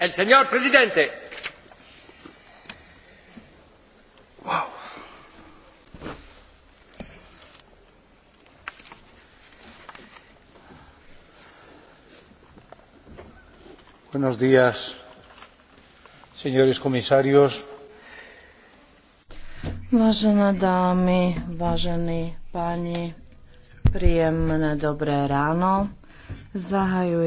El eh, señor presidente. Wow. Buenos días, señores comisarios. Vážené dámy, vážení páni, príjemné dobré ráno. Zahajujem